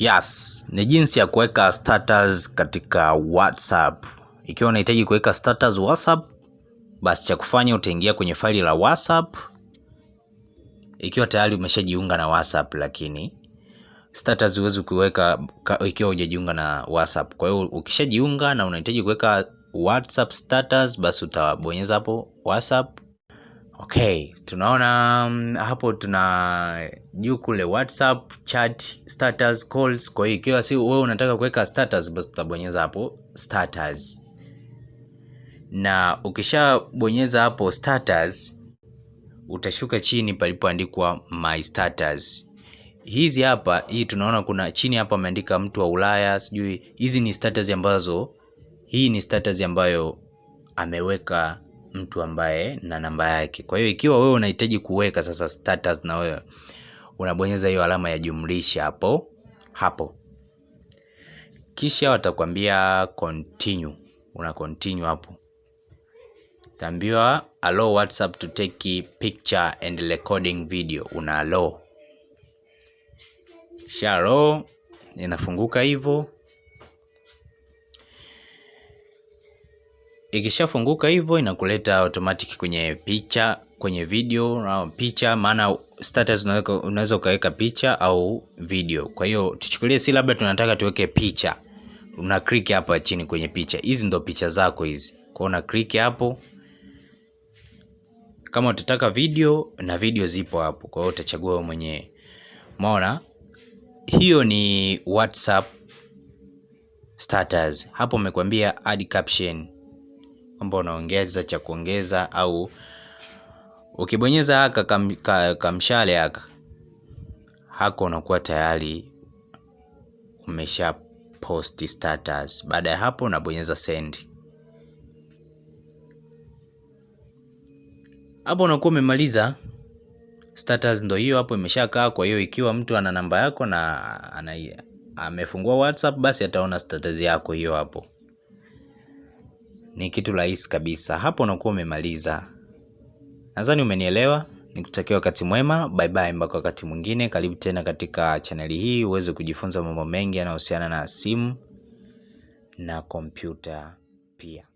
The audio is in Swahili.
Yes, ni jinsi ya kuweka status katika WhatsApp. Ikiwa unahitaji kuweka status WhatsApp, basi cha kufanya utaingia kwenye faili la WhatsApp. Ikiwa tayari umeshajiunga na WhatsApp, lakini status huwezi kuweka ikiwa hujajiunga na WhatsApp. Kwa hiyo ukishajiunga na unahitaji kuweka WhatsApp status, basi utabonyeza hapo WhatsApp Okay, tunaona um, hapo tuna juu kule WhatsApp chat status calls. Kwa hiyo ikiwa si wewe unataka kuweka status, basi utabonyeza hapo status, na ukishabonyeza hapo status utashuka chini palipoandikwa my status. Hizi hapa, hii tunaona kuna chini hapa ameandika mtu wa Ulaya sijui. Hizi ni status ambazo, hii ni status ambayo ameweka mtu ambaye na namba yake. Kwa hiyo ikiwa wewe unahitaji kuweka sasa status na wewe unabonyeza hiyo alama ya jumlisha hapo hapo, kisha watakwambia continue, una continue hapo. Tambiwa allow WhatsApp to take picture and recording video, una allow. Kisha allow inafunguka hivyo. Ikishafunguka hivyo inakuleta automatic kwenye picha, kwenye video na picha, maana status unaweza ukaweka picha au video. Kwa hiyo tuchukulie, si labda tunataka tuweke picha, una click hapa chini kwenye picha. Hizi ndo picha zako hizi, kwa una click hapo. Kama utataka video na video zipo hapo, kwa hiyo utachagua wewe mwenyewe. Umeona, hiyo ni WhatsApp status. Hapo umekwambia add caption ambao unaongeza cha kuongeza au ukibonyeza haka kam, ka, kamshale haka hako unakuwa tayari umesha post status. Baada ya hapo unabonyeza send. Hapo unakuwa umemaliza status, ndio hiyo hapo imeshakaa. Kwa hiyo ikiwa mtu ana namba yako na ana amefungua WhatsApp basi ataona status yako hiyo hapo ni kitu rahisi kabisa. Hapo unakuwa umemaliza. Nadhani umenielewa. Nikutakia wakati mwema, bye bye, mpaka wakati mwingine. Karibu tena katika chaneli hii uweze kujifunza mambo mengi yanayohusiana na simu na kompyuta pia.